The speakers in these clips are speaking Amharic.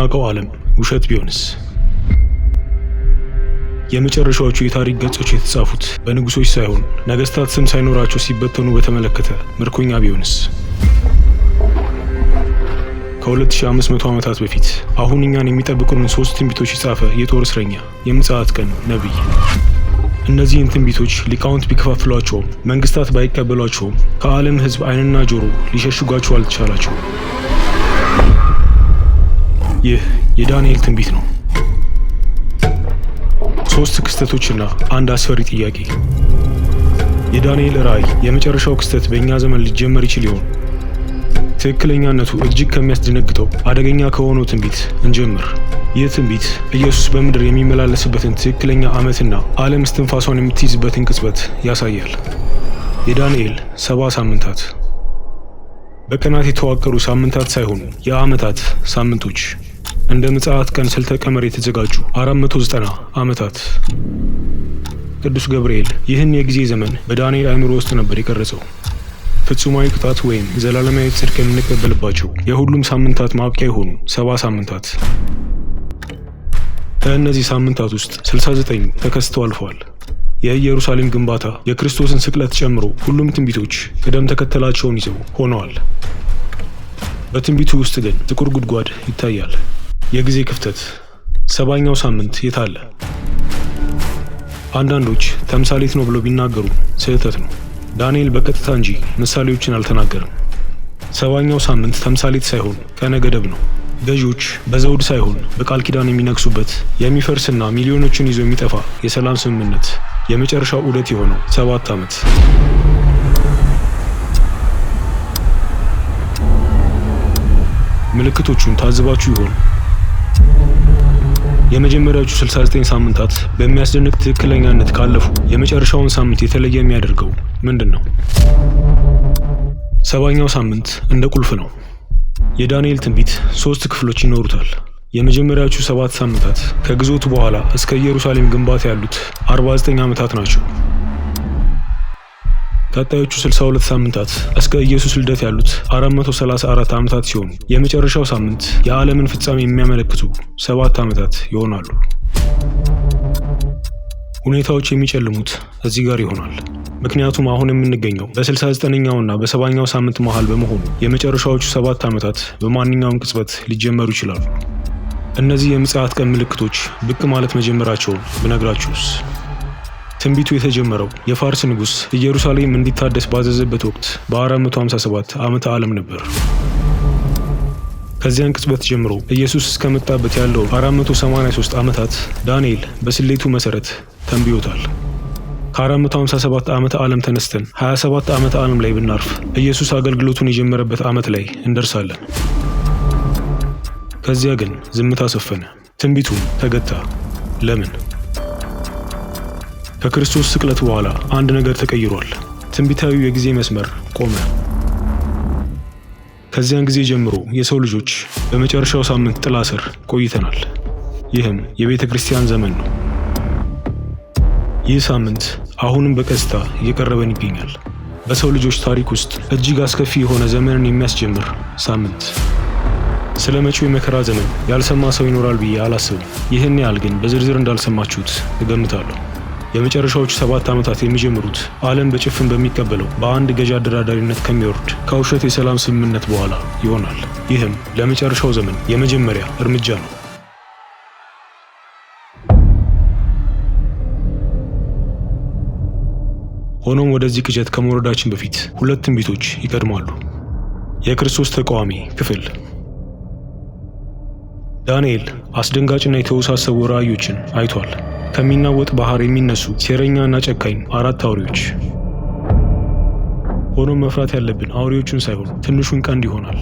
የምናውቀው ዓለም ውሸት ቢሆንስ? የመጨረሻዎቹ የታሪክ ገጾች የተጻፉት በንጉሶች ሳይሆን ነገስታት ስም ሳይኖራቸው ሲበተኑ በተመለከተ ምርኮኛ ቢሆንስ? ከ2500 ዓመታት በፊት አሁን እኛን የሚጠብቁንን ሶስት ትንቢቶች የጻፈ የጦር እስረኛ፣ የምጽአት ቀን ነቢይ። እነዚህን ትንቢቶች ሊቃውንት ቢከፋፍሏቸውም መንግስታት ባይቀበሏቸውም ከዓለም ሕዝብ አይንና ጆሮ ሊሸሽጓቸው አልተቻላቸውም። ይህ የዳንኤል ትንቢት ነው። ሶስት ክስተቶችና አንድ አስፈሪ ጥያቄ። የዳንኤል ራእይ የመጨረሻው ክስተት በእኛ ዘመን ሊጀመር ይችል ይሆን? ትክክለኛነቱ እጅግ ከሚያስደነግጠው አደገኛ ከሆነው ትንቢት እንጀምር። ይህ ትንቢት ኢየሱስ በምድር የሚመላለስበትን ትክክለኛ ዓመትና ዓለም እስትንፋሷን የምትይዝበትን ቅጽበት ያሳያል። የዳንኤል ሰባ ሳምንታት በቀናት የተዋቀሩ ሳምንታት ሳይሆኑ የዓመታት ሳምንቶች እንደ ምጽአት ቀን ስልተቀመር የተዘጋጁ 490 ዓመታት ቅዱስ ገብርኤል ይህን የጊዜ ዘመን በዳንኤል አእምሮ ውስጥ ነበር የቀረጸው። ፍጹማዊ ቅጣት ወይም ዘላለማዊ ጽድቅ የምንቀበልባቸው የሁሉም ሳምንታት ማብቂያ የሆኑ ሰባ ሳምንታት። ከእነዚህ ሳምንታት ውስጥ 69 ተከስተው አልፈዋል። የኢየሩሳሌም ግንባታ፣ የክርስቶስን ስቅለት ጨምሮ ሁሉም ትንቢቶች ቅደም ተከተላቸውን ይዘው ሆነዋል። በትንቢቱ ውስጥ ግን ጥቁር ጉድጓድ ይታያል። የጊዜ ክፍተት ሰባኛው ሳምንት የት አለ? አንዳንዶች ተምሳሌት ነው ብለው ቢናገሩ ስህተት ነው። ዳንኤል በቀጥታ እንጂ ምሳሌዎችን አልተናገርም። ሰባኛው ሳምንት ተምሳሌት ሳይሆን ቀነ ገደብ ነው። ገዢዎች በዘውድ ሳይሆን በቃል ኪዳን የሚነግሱበት የሚፈርስና ሚሊዮኖችን ይዞ የሚጠፋ የሰላም ስምምነት የመጨረሻው ዑደት የሆነው ሰባት ዓመት ምልክቶቹን ታዝባችሁ ይሆን? የመጀመሪያዎቹ 69 ሳምንታት በሚያስደንቅ ትክክለኛነት ካለፉ የመጨረሻውን ሳምንት የተለየ የሚያደርገው ምንድን ነው? ሰባኛው ሳምንት እንደ ቁልፍ ነው። የዳንኤል ትንቢት ሶስት ክፍሎች ይኖሩታል። የመጀመሪያዎቹ ሰባት ሳምንታት ከግዞቱ በኋላ እስከ ኢየሩሳሌም ግንባታ ያሉት 49 ዓመታት ናቸው። ቀጣዮቹ 62 ሳምንታት እስከ ኢየሱስ ልደት ያሉት 434 ዓመታት ሲሆኑ የመጨረሻው ሳምንት የዓለምን ፍጻሜ የሚያመለክቱ ሰባት ዓመታት ይሆናሉ። ሁኔታዎች የሚጨልሙት እዚህ ጋር ይሆናል። ምክንያቱም አሁን የምንገኘው በ69ኛውና በሰባኛው ሳምንት መሃል በመሆኑ የመጨረሻዎቹ ሰባት ዓመታት በማንኛውም ቅጽበት ሊጀመሩ ይችላሉ። እነዚህ የምጽአት ቀን ምልክቶች ብቅ ማለት መጀመራቸውን ብነግራችሁስ? ትንቢቱ የተጀመረው የፋርስ ንጉሥ ኢየሩሳሌም እንዲታደስ ባዘዘበት ወቅት በ457 ዓመተ ዓለም ነበር። ከዚያን ቅጽበት ጀምሮ ኢየሱስ እስከመጣበት ያለው 483 ዓመታት ዳንኤል በስሌቱ መሠረት ተንብዮታል። ከ457 ዓመተ ዓለም ተነስተን 27 ዓመተ ዓለም ላይ ብናርፍ ኢየሱስ አገልግሎቱን የጀመረበት ዓመት ላይ እንደርሳለን። ከዚያ ግን ዝምታ ሰፈነ፣ ትንቢቱም ተገታ። ለምን? ከክርስቶስ ስቅለት በኋላ አንድ ነገር ተቀይሯል። ትንቢታዊ የጊዜ መስመር ቆመ። ከዚያን ጊዜ ጀምሮ የሰው ልጆች በመጨረሻው ሳምንት ጥላ ስር ቆይተናል። ይህም የቤተ ክርስቲያን ዘመን ነው። ይህ ሳምንት አሁንም በቀስታ እየቀረበን ይገኛል። በሰው ልጆች ታሪክ ውስጥ እጅግ አስከፊ የሆነ ዘመንን የሚያስጀምር ሳምንት። ስለ መጪው የመከራ ዘመን ያልሰማ ሰው ይኖራል ብዬ አላስብም። ይህን ያህል ግን በዝርዝር እንዳልሰማችሁት እገምታለሁ። የመጨረሻዎቹ ሰባት ዓመታት የሚጀምሩት ዓለም በጭፍን በሚቀበለው በአንድ ገዢ አደራዳሪነት ከሚወርድ ከውሸት የሰላም ስምምነት በኋላ ይሆናል። ይህም ለመጨረሻው ዘመን የመጀመሪያ እርምጃ ነው። ሆኖም ወደዚህ ቅጀት ከመውረዳችን በፊት ሁለት ትንቢቶች ይቀድማሉ። የክርስቶስ ተቃዋሚ ክፍል ዳንኤል አስደንጋጭና የተወሳሰቡ ራእዮችን አይቷል። ከሚናወጥ ባህር የሚነሱ ሴረኛና ጨካኝ አራት አውሬዎች። ሆኖም መፍራት ያለብን አውሬዎቹን ሳይሆን ትንሹን ቀንድ ይሆናል።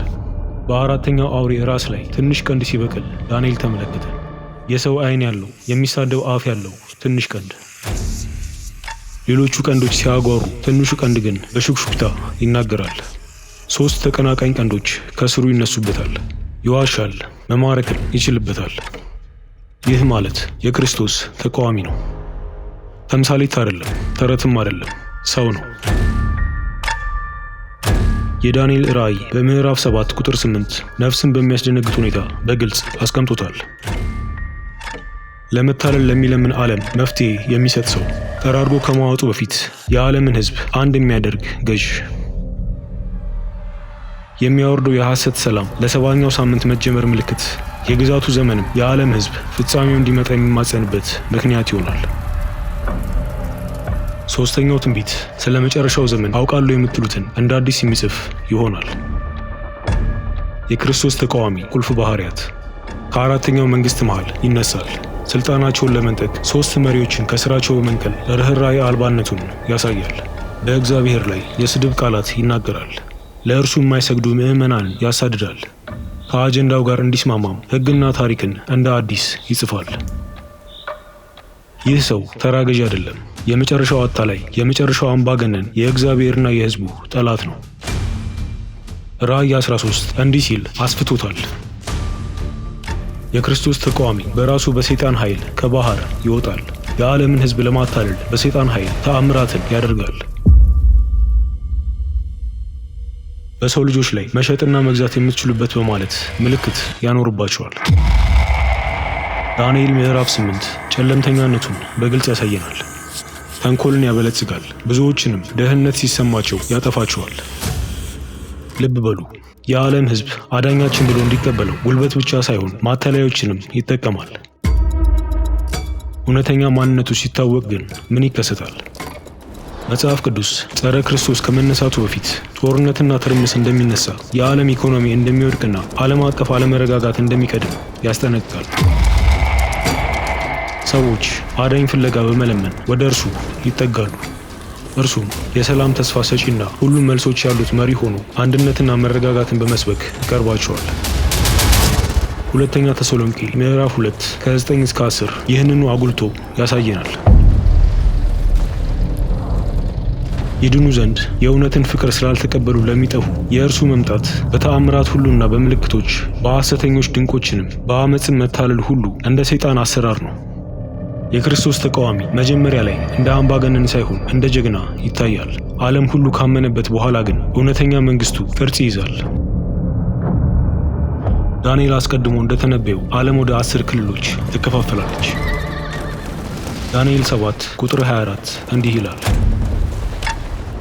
በአራተኛው አውሬ ራስ ላይ ትንሽ ቀንድ ሲበቅል ዳንኤል ተመለከተ። የሰው አይን ያለው የሚሳደብ አፍ ያለው ትንሽ ቀንድ። ሌሎቹ ቀንዶች ሲያጓሩ፣ ትንሹ ቀንድ ግን በሹክሹክታ ይናገራል። ሶስት ተቀናቃኝ ቀንዶች ከስሩ ይነሱበታል። ይዋሻል፣ መማረክን ይችልበታል። ይህ ማለት የክርስቶስ ተቃዋሚ ነው። ተምሳሌት አይደለም፣ ተረትም አይደለም፣ ሰው ነው። የዳንኤል ራእይ በምዕራፍ 7 ቁጥር 8 ነፍስን በሚያስደነግጥ ሁኔታ በግልጽ አስቀምጦታል። ለመታለል ለሚለምን ዓለም መፍትሄ የሚሰጥ ሰው፣ ጠራርጎ ከማወጡ በፊት የዓለምን ሕዝብ አንድ የሚያደርግ ገዥ፣ የሚያወርደው የሐሰት ሰላም ለሰባኛው ሳምንት መጀመር ምልክት የግዛቱ ዘመንም የዓለም ሕዝብ ፍጻሜው እንዲመጣ የሚማጸንበት ምክንያት ይሆናል። ሶስተኛው ትንቢት ስለ መጨረሻው ዘመን አውቃለሁ የምትሉትን እንደ አዲስ የሚጽፍ ይሆናል። የክርስቶስ ተቃዋሚ ቁልፍ ባህሪያት ከአራተኛው መንግስት መሃል ይነሳል። ሥልጣናቸውን ለመንጠቅ ሶስት መሪዎችን ከስራቸው በመንቀል ርኅራኄ አልባነቱን ያሳያል። በእግዚአብሔር ላይ የስድብ ቃላት ይናገራል። ለእርሱ የማይሰግዱ ምዕመናን ያሳድዳል። ከአጀንዳው ጋር እንዲስማማም ሕግና ታሪክን እንደ አዲስ ይጽፋል። ይህ ሰው ተራ ገዢ አይደለም። የመጨረሻው አታላይ፣ የመጨረሻው አምባገነን፣ የእግዚአብሔርና የሕዝቡ ጠላት ነው። ራእይ 13 እንዲህ ሲል አስፍቶታል። የክርስቶስ ተቃዋሚ በራሱ በሰይጣን ኃይል ከባህር ይወጣል። የዓለምን ሕዝብ ለማታለል በሰይጣን ኃይል ተአምራትን ያደርጋል። በሰው ልጆች ላይ መሸጥና መግዛት የምትችሉበት በማለት ምልክት ያኖርባቸዋል። ዳንኤል ምዕራፍ 8 ጨለምተኛነቱን በግልጽ ያሳየናል። ተንኮልን ያበለጽጋል፣ ብዙዎችንም ደህንነት ሲሰማቸው ያጠፋቸዋል። ልብ በሉ የዓለም ሕዝብ አዳኛችን ብሎ እንዲቀበለው ጉልበት ብቻ ሳይሆን ማተለያዎችንም ይጠቀማል። እውነተኛ ማንነቱ ሲታወቅ ግን ምን ይከሰታል? መጽሐፍ ቅዱስ ጸረ ክርስቶስ ከመነሳቱ በፊት ጦርነትና ትርምስ እንደሚነሳ የዓለም ኢኮኖሚ እንደሚወድቅና ዓለም አቀፍ አለመረጋጋት እንደሚቀድም ያስጠነቅቃል። ሰዎች አዳኝ ፍለጋ በመለመን ወደ እርሱ ይጠጋሉ። እርሱም የሰላም ተስፋ ሰጪና ሁሉም መልሶች ያሉት መሪ ሆኖ አንድነትና መረጋጋትን በመስበክ ይቀርባቸዋል። ሁለተኛ ተሰሎንቄ ምዕራፍ 2 ከ9 እስከ 10 ይህንኑ አጉልቶ ያሳየናል። ይድኑ ዘንድ የእውነትን ፍቅር ስላልተቀበሉ ለሚጠፉ የእርሱ መምጣት በተአምራት ሁሉና በምልክቶች በሐሰተኞች ድንቆችንም በአመፅም መታለል ሁሉ እንደ ሰይጣን አሰራር ነው። የክርስቶስ ተቃዋሚ መጀመሪያ ላይ እንደ አምባገነን ሳይሆን እንደ ጀግና ይታያል። ዓለም ሁሉ ካመነበት በኋላ ግን እውነተኛ መንግስቱ ቅርጽ ይይዛል። ዳንኤል አስቀድሞ እንደተነበየው ዓለም ወደ አስር ክልሎች ትከፋፈላለች። ዳንኤል 7 ቁጥር 24 እንዲህ ይላል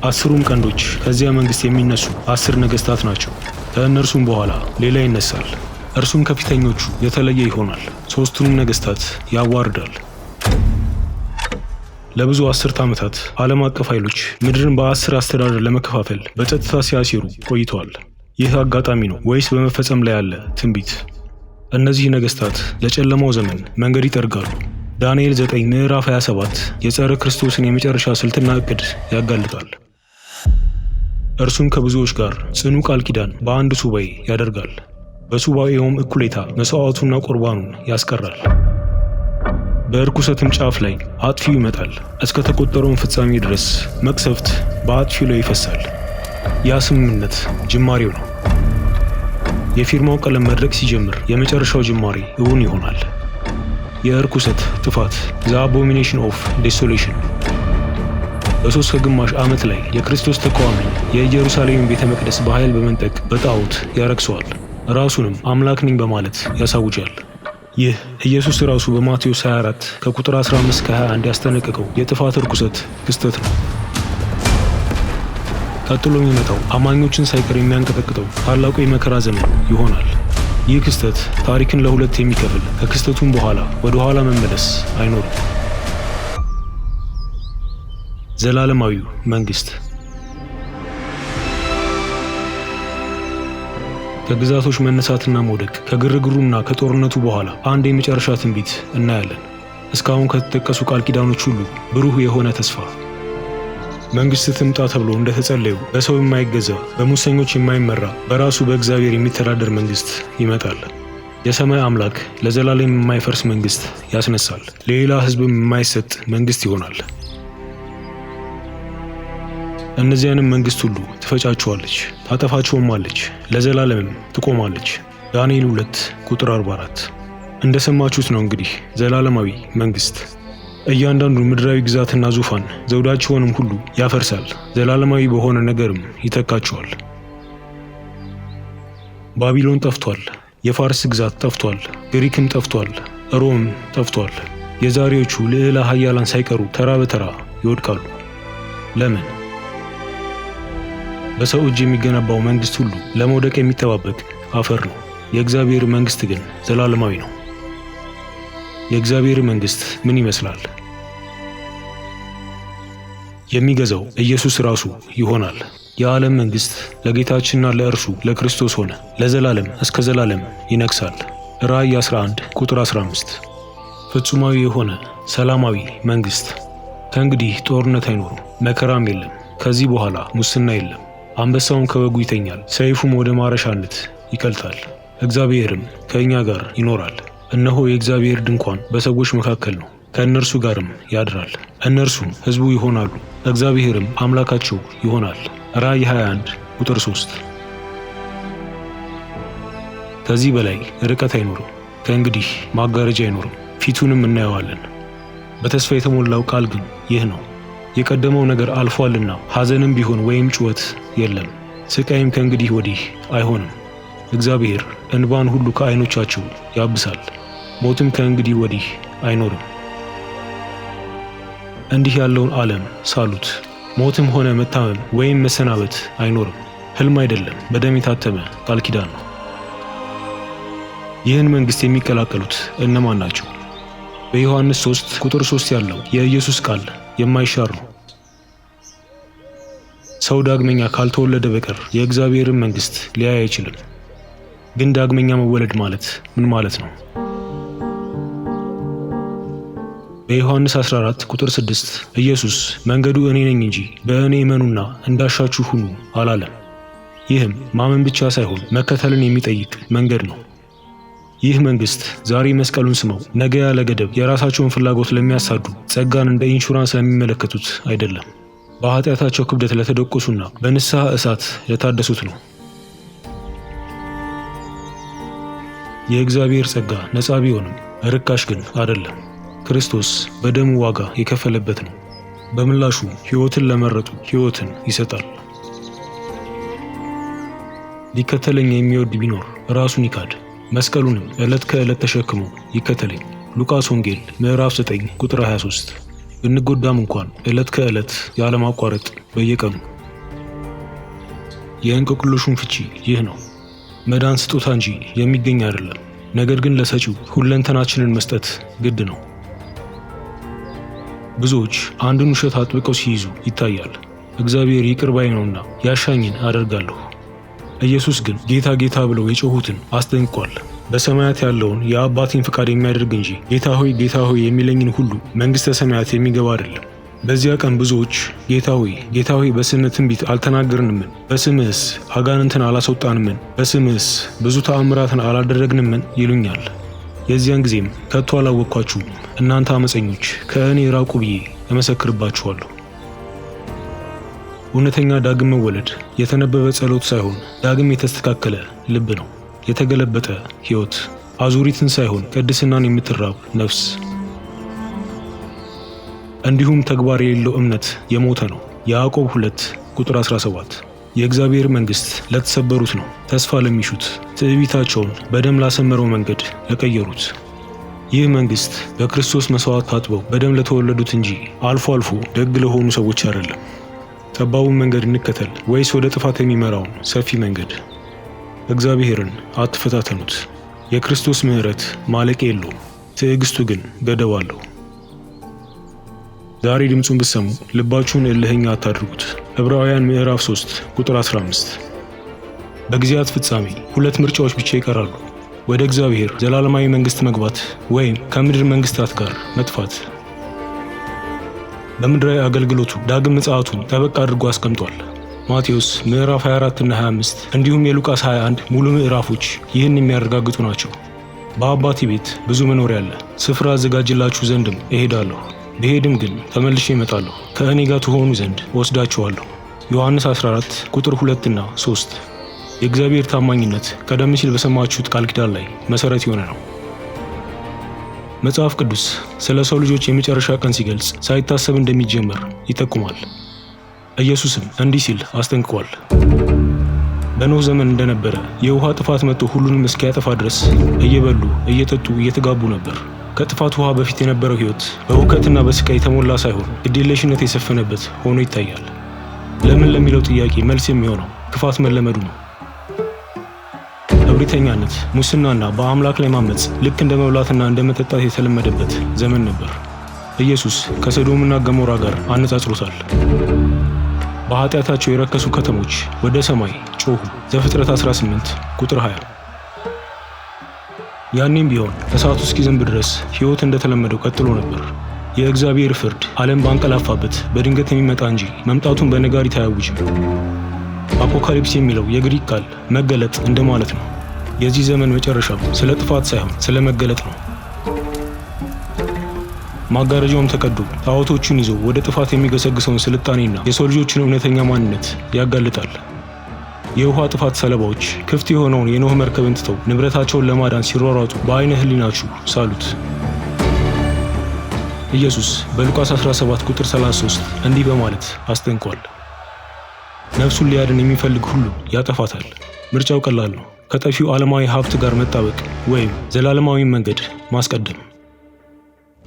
አስሩም ቀንዶች ከዚያ መንግስት የሚነሱ አስር ነገስታት ናቸው። ከእነርሱም በኋላ ሌላ ይነሳል። እርሱም ከፊተኞቹ የተለየ ይሆናል። ሦስቱንም ነገስታት ያዋርዳል። ለብዙ አስርት ዓመታት ዓለም አቀፍ ኃይሎች ምድርን በአስር አስተዳደር ለመከፋፈል በጸጥታ ሲያሴሩ ቆይተዋል። ይህ አጋጣሚ ነው ወይስ በመፈጸም ላይ ያለ ትንቢት? እነዚህ ነገስታት ለጨለማው ዘመን መንገድ ይጠርጋሉ። ዳንኤል 9 ምዕራፍ 27 የጸረ ክርስቶስን የመጨረሻ ስልትና እቅድ ያጋልጣል። እርሱም ከብዙዎች ጋር ጽኑ ቃል ኪዳን በአንድ ሱባኤ ያደርጋል። በሱባኤውም እኩሌታ መሥዋዕቱና ቁርባኑን ያስቀራል። በርኩሰትም ጫፍ ላይ አጥፊው ይመጣል። እስከ ተቆጠረውን ፍጻሜ ድረስ መቅሰፍት በአጥፊው ላይ ይፈሳል። ያ ስምምነት ጅማሬው ነው። የፊርማው ቀለም መድረቅ ሲጀምር የመጨረሻው ጅማሬ እውን ይሆናል። የእርኩሰት ጥፋት ዘ አቦሚኔሽን ኦፍ ዴሶሌሽን በሦስት ግማሽ ዓመት ላይ የክርስቶስ ተቃዋሚ የኢየሩሳሌምን ቤተ መቅደስ በኃይል በመንጠቅ በጣዖት ያረክሰዋል። ራሱንም አምላክ ነኝ በማለት ያሳውጃል። ይህ ኢየሱስ ራሱ በማቴዎስ 24 ከቁጥር 15 ከ21 ያስጠነቀቀው የጥፋት ርኩሰት ክስተት ነው። ቀጥሎ የሚመጣው አማኞችን ሳይቀር የሚያንቀጠቅጠው ታላቁ የመከራ ዘመን ይሆናል። ይህ ክስተት ታሪክን ለሁለት የሚከፍል ከክስተቱም በኋላ ወደ ኋላ መመለስ አይኖርም። ዘላለማዊው መንግስት ከግዛቶች መነሳትና መውደቅ ከግርግሩና ከጦርነቱ በኋላ አንድ የመጨረሻ ትንቢት እናያለን። እስካሁን ከተጠቀሱ ቃል ኪዳኖች ሁሉ ብሩህ የሆነ ተስፋ መንግስት ትምጣ ተብሎ እንደተጸለዩ በሰው የማይገዛ በሙሰኞች የማይመራ በራሱ በእግዚአብሔር የሚተዳደር መንግስት ይመጣል። የሰማይ አምላክ ለዘላለም የማይፈርስ መንግስት ያስነሳል። ለሌላ ሕዝብም የማይሰጥ መንግስት ይሆናል። እነዚያንም መንግስት ሁሉ ትፈጫቸዋለች፣ ታጠፋቸውማለች፣ ለዘላለምም ትቆማለች። ዳንኤል 2 ቁጥር 44። እንደሰማችሁት ነው እንግዲህ ዘላለማዊ መንግስት እያንዳንዱ ምድራዊ ግዛትና ዙፋን ዘውዳቸውንም ሁሉ ያፈርሳል፣ ዘላለማዊ በሆነ ነገርም ይተካቸዋል። ባቢሎን ጠፍቷል፣ የፋርስ ግዛት ጠፍቷል፣ ግሪክም ጠፍቷል፣ ሮም ጠፍቷል። የዛሬዎቹ ልዕለ ኃያላን ሳይቀሩ ተራ በተራ ይወድቃሉ። ለምን? በሰው እጅ የሚገነባው መንግሥት ሁሉ ለመውደቅ የሚጠባበቅ አፈር ነው። የእግዚአብሔር መንግሥት ግን ዘላለማዊ ነው። የእግዚአብሔር መንግሥት ምን ይመስላል? የሚገዛው ኢየሱስ ራሱ ይሆናል። የዓለም መንግሥት ለጌታችንና ለእርሱ ለክርስቶስ ሆነ፣ ለዘላለም እስከ ዘላለም ይነግሣል። ራእይ 11 ቁጥር 15። ፍጹማዊ የሆነ ሰላማዊ መንግሥት። ከእንግዲህ ጦርነት አይኖርም፣ መከራም የለም። ከዚህ በኋላ ሙስና የለም። አንበሳውም ከበጉ ይተኛል፣ ሰይፉም ወደ ማረሻነት ይቀልጣል፣ እግዚአብሔርም ከእኛ ጋር ይኖራል። እነሆ የእግዚአብሔር ድንኳን በሰዎች መካከል ነው፣ ከእነርሱ ጋርም ያድራል፣ እነርሱም ሕዝቡ ይሆናሉ፣ እግዚአብሔርም አምላካቸው ይሆናል። ራእይ 21 ቁጥር 3 ከዚህ በላይ ርቀት አይኖርም። ከእንግዲህ ማጋረጃ አይኖርም፣ ፊቱንም እናየዋለን። በተስፋ የተሞላው ቃል ግን ይህ ነው። የቀደመው ነገር አልፏልና ሐዘንም ቢሆን ወይም ጩኸት የለም፣ ስቃይም ከእንግዲህ ወዲህ አይሆንም። እግዚአብሔር እንባን ሁሉ ከዓይኖቻችሁ ያብሳል፣ ሞትም ከእንግዲህ ወዲህ አይኖርም። እንዲህ ያለውን ዓለም ሳሉት፣ ሞትም ሆነ መታመም ወይም መሰናበት አይኖርም። ሕልም አይደለም፣ በደም የታተመ ቃል ኪዳን ነው። ይህን መንግሥት የሚቀላቀሉት እነማን ናቸው? በዮሐንስ 3 ቁጥር 3 ያለው የኢየሱስ ቃል የማይሻር ነው። ሰው ዳግመኛ ካልተወለደ በቀር የእግዚአብሔርን መንግሥት ሊያይ አይችልም። ግን ዳግመኛ መወለድ ማለት ምን ማለት ነው? በዮሐንስ 14 ቁጥር 6 ኢየሱስ መንገዱ እኔ ነኝ እንጂ በእኔ እመኑና እንዳሻችሁ ሁኑ አላለም። ይህም ማመን ብቻ ሳይሆን መከተልን የሚጠይቅ መንገድ ነው። ይህ መንግሥት ዛሬ መስቀሉን ስመው ነገ ያለ ገደብ የራሳቸውን ፍላጎት ለሚያሳዱ ጸጋን እንደ ኢንሹራንስ ለሚመለከቱት አይደለም። በኃጢአታቸው ክብደት ለተደቆሱና በንስሐ እሳት ለታደሱት ነው። የእግዚአብሔር ጸጋ ነፃ ቢሆንም ርካሽ ግን አይደለም። ክርስቶስ በደሙ ዋጋ የከፈለበት ነው። በምላሹ ሕይወትን ለመረጡ ሕይወትን ይሰጣል። ሊከተለኝ የሚወድ ቢኖር ራሱን ይካድ፣ መስቀሉንም ዕለት ከዕለት ተሸክሞ ይከተለኝ። ሉቃስ ወንጌል ምዕራፍ 9 ቁጥር 23 ብንጎዳም እንኳን ዕለት ከዕለት ያለማቋረጥ በየቀኑ የእንቆቅልሹን ፍቺ ይህ ነው። መዳን ስጦታ እንጂ የሚገኝ አይደለም። ነገር ግን ለሰጪው ሁለንተናችንን መስጠት ግድ ነው። ብዙዎች አንድን ውሸት አጥብቀው ሲይዙ ይታያል። እግዚአብሔር ይቅር ባይ ነውና ያሻኝን አደርጋለሁ። ኢየሱስ ግን ጌታ ጌታ ብለው የጮሁትን አስደንቋል። በሰማያት ያለውን የአባቴን ፈቃድ የሚያደርግ እንጂ ጌታ ሆይ ጌታ ሆይ የሚለኝን ሁሉ መንግሥተ ሰማያት የሚገባ አይደለም። በዚያ ቀን ብዙዎች ጌታ ሆይ ጌታ ሆይ በስምህ ትንቢት አልተናገርንምን? በስምህስ አጋንንትን አላስወጣንምን? በስምህስ ብዙ ተአምራትን አላደረግንምን? ይሉኛል። የዚያን ጊዜም ከቶ አላወቅኳችሁም፣ እናንተ አመፀኞች ከእኔ ራቁ ብዬ እመሰክርባችኋለሁ። እውነተኛ ዳግም መወለድ የተነበበ ጸሎት ሳይሆን ዳግም የተስተካከለ ልብ ነው። የተገለበጠ ሕይወት አዙሪትን ሳይሆን ቅድስናን የምትራብ ነፍስ እንዲሁም ተግባር የሌለው እምነት የሞተ ነው። ያዕቆብ 2 ቁጥር 17 የእግዚአብሔር መንግሥት ለተሰበሩት ነው፣ ተስፋ ለሚሹት፣ ትዕቢታቸውን በደም ላሰመረው መንገድ ለቀየሩት። ይህ መንግሥት በክርስቶስ መሥዋዕት ታጥበው በደም ለተወለዱት እንጂ አልፎ አልፎ ደግ ለሆኑ ሰዎች አይደለም። ጠባቡን መንገድ እንከተል ወይስ ወደ ጥፋት የሚመራውን ሰፊ መንገድ? እግዚአብሔርን አትፈታተኑት። የክርስቶስ ምሕረት ማለቂያ የለውም፣ ትዕግስቱ ግን ገደብ አለው። ዛሬ ድምፁን ብትሰሙ ልባችሁን እልህኛ አታድርጉት። ዕብራውያን ምዕራፍ 3 ቁጥር 15። በጊዜያት ፍጻሜ ሁለት ምርጫዎች ብቻ ይቀራሉ ወደ እግዚአብሔር ዘላለማዊ መንግስት መግባት ወይም ከምድር መንግስታት ጋር መጥፋት። በምድራዊ አገልግሎቱ ዳግም ምጽአቱን ጠበቅ አድርጎ አስቀምጧል። ማቴዎስ ምዕራፍ 24 እና 25 እንዲሁም የሉቃስ 21 ሙሉ ምዕራፎች ይህን የሚያረጋግጡ ናቸው። በአባቴ ቤት ብዙ መኖሪያ አለ፣ ስፍራ አዘጋጅላችሁ ዘንድም እሄዳለሁ። ብሄድም ግን ተመልሼ እመጣለሁ፣ ከእኔ ጋር ትሆኑ ዘንድ ወስዳችኋለሁ። ዮሐንስ 14 ቁጥር 2 እና 3 የእግዚአብሔር ታማኝነት ቀደም ሲል በሰማችሁት ቃል ኪዳን ላይ መሰረት የሆነ ነው። መጽሐፍ ቅዱስ ስለ ሰው ልጆች የመጨረሻ ቀን ሲገልጽ ሳይታሰብ እንደሚጀመር ይጠቁማል። ኢየሱስም እንዲህ ሲል አስጠንቅቋል። በኖህ ዘመን እንደነበረ የውሃ ጥፋት መጥቶ ሁሉንም እስኪያጠፋ ድረስ እየበሉ እየጠጡ እየተጋቡ ነበር። ከጥፋት ውሃ በፊት የነበረው ሕይወት በእውከትና በስቃይ የተሞላ ሳይሆን ግዴለሽነት የሰፈነበት ሆኖ ይታያል። ለምን ለሚለው ጥያቄ መልስ የሚሆነው ክፋት መለመዱ ነው። እብሪተኛነት፣ ሙስናና በአምላክ ላይ ማመፅ ልክ እንደ መብላትና እንደ መጠጣት የተለመደበት ዘመን ነበር። ኢየሱስ ከሰዶምና ገሞራ ጋር አነጻጽሮታል። በኃጢአታቸው የረከሱ ከተሞች ወደ ሰማይ ጮኹ። ዘፍጥረት 18 ቁጥር 20። ያኔም ቢሆን እሳቱ እስኪዘንብ ድረስ ሕይወት እንደተለመደው ቀጥሎ ነበር። የእግዚአብሔር ፍርድ ዓለም ባንቀላፋበት በድንገት የሚመጣ እንጂ መምጣቱን በነጋሪት አያውጅም። አፖካሊፕስ የሚለው የግሪክ ቃል መገለጥ እንደማለት ነው። የዚህ ዘመን መጨረሻ ስለ ጥፋት ሳይሆን ስለ መገለጥ ነው። ማጋረጃውም ተቀዶ ጣዖቶቹን ይዞ ወደ ጥፋት የሚገሰግሰውን ስልጣኔና የሰው ልጆችን እውነተኛ ማንነት ያጋልጣል። የውሃ ጥፋት ሰለባዎች ክፍት የሆነውን የኖህ መርከብን ትተው ንብረታቸውን ለማዳን ሲሯሯጡ በአይነ ህሊናችሁ ሳሉት። ኢየሱስ በሉቃስ 17 ቁጥር 33 እንዲህ በማለት አስጠንቋል። ነፍሱን ሊያድን የሚፈልግ ሁሉ ያጠፋታል። ምርጫው ቀላል ነው። ከጠፊው ዓለማዊ ሀብት ጋር መጣበቅ ወይም ዘላለማዊ መንገድ ማስቀደም።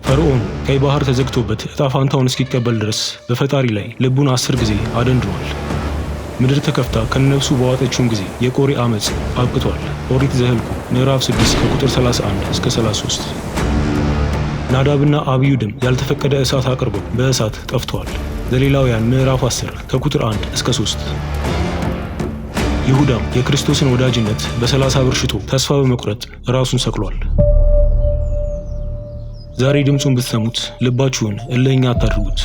ፈርዖን ቀይ ባህር ተዘግቶበት እጣ ፋንታውን እስኪቀበል ድረስ በፈጣሪ ላይ ልቡን አስር ጊዜ አደንድኗል። ምድር ተከፍታ ከነፍሱ በዋጠችውን ጊዜ የቆሬ ዓመፅ አብቅቷል። ኦሪት ዘኍልቍ ምዕራፍ 6 ከቁጥር 31 እስከ 33። ናዳብና አብዩድም ያልተፈቀደ እሳት አቅርበው በእሳት ጠፍተዋል። ዘሌላውያን ምዕራፍ 10 ከቁጥር 1 እስከ 3። ይሁዳም የክርስቶስን ወዳጅነት በ30 ብር ሽጦ ተስፋ በመቁረጥ ራሱን ሰቅሏል። ዛሬ ድምፁን ብትሰሙት ልባችሁን እለኛ አታድርጉት።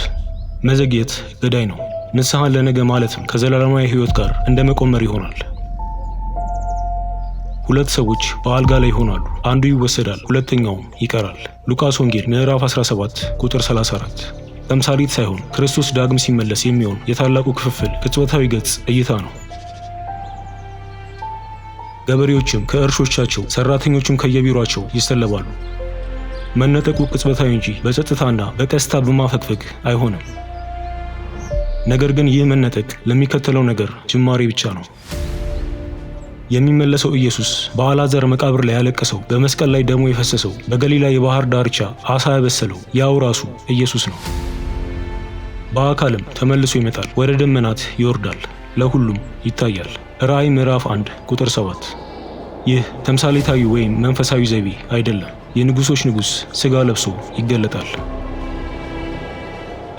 መዘግየት ገዳይ ነው። ንስሐን ለነገ ማለትም ከዘላለማዊ ሕይወት ጋር እንደ መቆመር ይሆናል። ሁለት ሰዎች በአልጋ ላይ ይሆናሉ። አንዱ ይወሰዳል፣ ሁለተኛውም ይቀራል። ሉቃስ ወንጌል ምዕራፍ 17 ቁጥር 34። ተምሳሌት ሳይሆን ክርስቶስ ዳግም ሲመለስ የሚሆን የታላቁ ክፍፍል ቅጽበታዊ ገጽ እይታ ነው። ገበሬዎችም ከእርሾቻቸው፣ ሰራተኞችም ከየቢሯቸው ይሰለባሉ። መነጠቁ ቅጽበታዊ እንጂ በጸጥታና በቀስታ በማፈግፈግ አይሆንም። ነገር ግን ይህ መነጠቅ ለሚከተለው ነገር ጅማሬ ብቻ ነው። የሚመለሰው ኢየሱስ በአልዓዛር መቃብር ላይ ያለቀሰው፣ በመስቀል ላይ ደሞ የፈሰሰው፣ በገሊላ የባህር ዳርቻ አሳ ያበሰለው ያው ራሱ ኢየሱስ ነው። በአካልም ተመልሶ ይመጣል፣ ወደ ደመናት ይወርዳል፣ ለሁሉም ይታያል። ራእይ ምዕራፍ 1 ቁጥር 7 ይህ ተምሳሌታዊ ወይም መንፈሳዊ ዘይቤ አይደለም። የንጉሶች ንጉሥ ሥጋ ለብሶ ይገለጣል።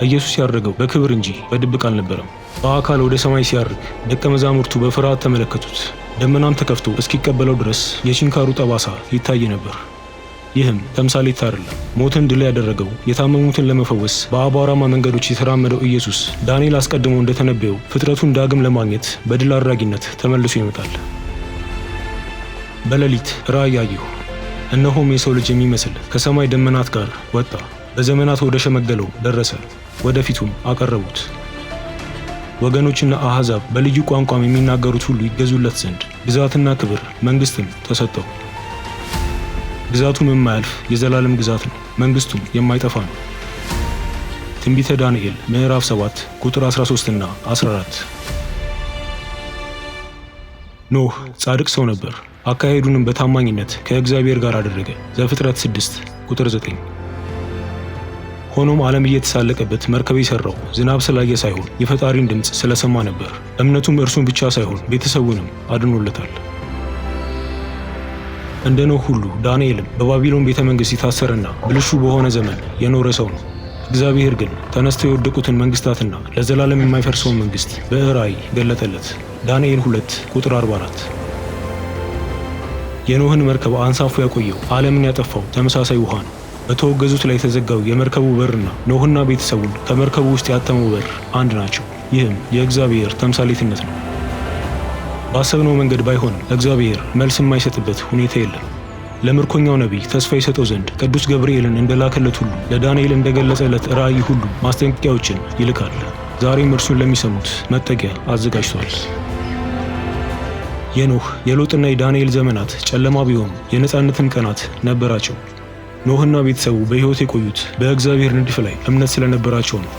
ኢየሱስ ያደረገው በክብር እንጂ በድብቅ አልነበረም። በአካል ወደ ሰማይ ሲያርግ ደቀ መዛሙርቱ በፍርሃት ተመለከቱት። ደመናም ተከፍቶ እስኪቀበለው ድረስ የችንካሩ ጠባሳ ይታይ ነበር። ይህም ተምሳሌት አይደለም። ሞትን ድል ያደረገው የታመሙትን ለመፈወስ በአቧራማ መንገዶች የተራመደው ኢየሱስ ዳንኤል አስቀድሞ እንደተነበየው ፍጥረቱን ዳግም ለማግኘት በድል አድራጊነት ተመልሶ ይመጣል። በሌሊት ራእይ አየሁ፣ እነሆም የሰው ልጅ የሚመስል ከሰማይ ደመናት ጋር ወጣ፣ በዘመናት ወደ ሸመገለው ደረሰ፣ ወደፊቱም አቀረቡት። ወገኖችና አሕዛብ በልዩ ቋንቋም የሚናገሩት ሁሉ ይገዙለት ዘንድ ግዛትና ክብር መንግሥትም ተሰጠው። ግዛቱም የማያልፍ የዘላለም ግዛት ነው፣ መንግሥቱም የማይጠፋ ነው። ትንቢተ ዳንኤል ምዕራፍ 7 ቁጥር 13 እና 14። ኖህ ጻድቅ ሰው ነበር። አካሄዱንም በታማኝነት ከእግዚአብሔር ጋር አደረገ። ዘፍጥረት 6 ቁጥር 9። ሆኖም ዓለም እየተሳለቀበት መርከብ የሠራው ዝናብ ስላየ ሳይሆን የፈጣሪን ድምፅ ስለሰማ ነበር። እምነቱም እርሱን ብቻ ሳይሆን ቤተሰቡንም አድኖለታል። እንደ ኖህ ሁሉ ዳንኤልም በባቢሎን ቤተ መንግሥት የታሰረና ብልሹ በሆነ ዘመን የኖረ ሰው ነው። እግዚአብሔር ግን ተነስተው የወደቁትን መንግስታትና ለዘላለም የማይፈርሰውን መንግስት በራእይ ገለጠለት። ዳንኤል 2 ቁጥር 44 የኖህን መርከብ አንሳፎ ያቆየው ዓለምን ያጠፋው ተመሳሳይ ውሃ ነው። በተወገዙት ላይ የተዘጋው የመርከቡ በርና ኖህና ቤተሰቡን ከመርከቡ ውስጥ ያተመው በር አንድ ናቸው። ይህም የእግዚአብሔር ተምሳሌትነት ነው። ባሰብነው መንገድ ባይሆንም እግዚአብሔር መልስ የማይሰጥበት ሁኔታ የለም። ለምርኮኛው ነቢይ ተስፋ ይሰጠው ዘንድ ቅዱስ ገብርኤልን እንደላከለት ሁሉ ለዳንኤል እንደገለጸለት ራእይ ሁሉ ማስጠንቀቂያዎችን ይልካል። ዛሬም እርሱን ለሚሰሙት መጠጊያ አዘጋጅቷል። የኖህ የሎጥና የዳንኤል ዘመናት ጨለማ ቢሆኑ የነፃነትም ቀናት ነበራቸው። ኖህና ቤተሰቡ በሕይወት የቆዩት በእግዚአብሔር ንድፍ ላይ እምነት ስለነበራቸው ነው።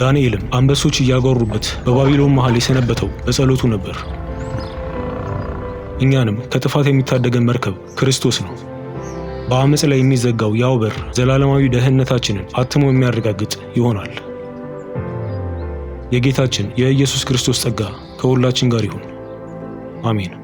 ዳንኤልም አንበሶች እያጓሩበት በባቢሎን መሃል የሰነበተው በጸሎቱ ነበር። እኛንም ከጥፋት የሚታደገን መርከብ ክርስቶስ ነው። በአመፅ ላይ የሚዘጋው ያው በር ዘላለማዊ ደህንነታችንን አትሞ የሚያረጋግጥ ይሆናል። የጌታችን የኢየሱስ ክርስቶስ ጸጋ ከሁላችን ጋር ይሁን። Amén.